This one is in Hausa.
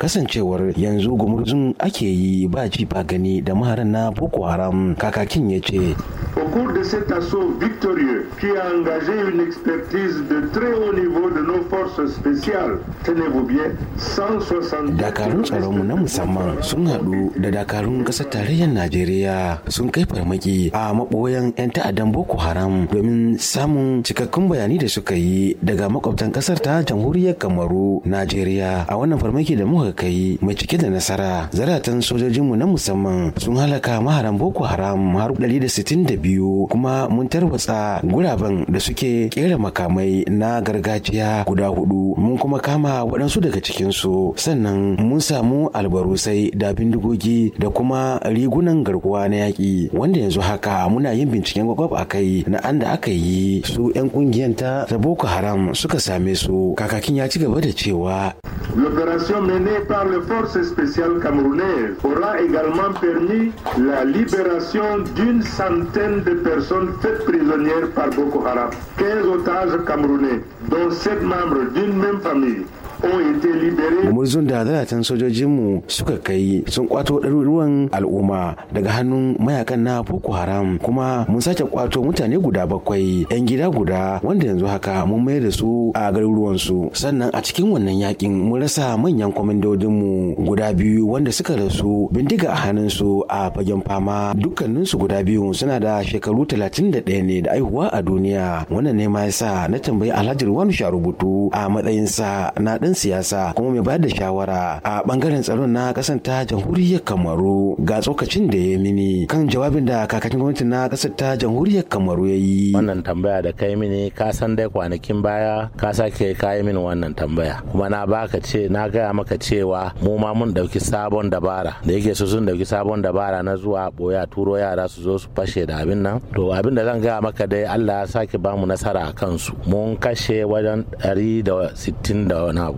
kasancewar yanzu gumurzun ake yi ba ji ba gani da maharan na boko haram kakakin ya ce Au cours de cet assaut victorieux qui a engagé une expertise de très haut dakarun tsaron mu na musamman sun haɗu da dakarun ƙasar tarayyar najeriya sun kai farmaki a maɓoyan 'yan ta'addan boko haram domin samun cikakkun bayani da suka yi daga makwabtan ƙasar ta jamhuriyar kamaru najeriya a wannan farmaki da muka kai mai cike da nasara zaratan sojojinmu na musamman sun halaka maharan boko haram har 162 kuma mun tarwatsa guraben da suke kera makamai na gargajiya guda hudu mun kuma kama waɗansu daga cikinsu sannan mun samu albarusai da bindigogi da kuma rigunan garkuwa na yaƙi wanda yanzu haka muna yin binciken gwagwab a kai na an da aka yi su 'yan ƙungiyar ta boko haram suka same su kakakin ya ci gaba da cewa L'opération menée par les forces spéciales camerounaises aura également permis la libération d'une centaine de personnes faites prisonnières par Boko Haram. 15 otages camerounais, dont 7 membres d'une même famille, Gumurzun da zaratan sojojinmu suka kai sun kwato ɗaruruwan al'umma daga hannun mayakan na Boko Haram kuma mun sake kwato mutane guda bakwai 'yan gida guda wanda yanzu haka mun mayar da su a garuruwansu sannan a cikin wannan yakin mun rasa manyan kwamandodinmu guda biyu wanda suka rasu bindiga a hannunsu a fagen fama dukkaninsu guda biyu suna da shekaru talatin da ɗaya ne da aihuwa a duniya wannan ne ma yasa na tambayi Alhaji sha rubutu a matsayinsa na zaben siyasa kuma mai bayar da shawara a bangaren tsaron na kasar ta jamhuriyar kamaru ga tsokacin da ya mini kan jawabin da kakakin gwamnati na kasar ta jamhuriyar kamaru ya yi wannan tambaya da kai mini ka san dai kwanakin baya ka sake kai mini wannan tambaya kuma na baka ce na gaya maka cewa mu ma mun dauki sabon dabara da yake su sun dauki sabon dabara na zuwa boya turo yara su zo su fashe da abin nan to abin da zan gaya maka dai Allah ya sake bamu nasara a kansu mun kashe wajen 160 da sittin da wani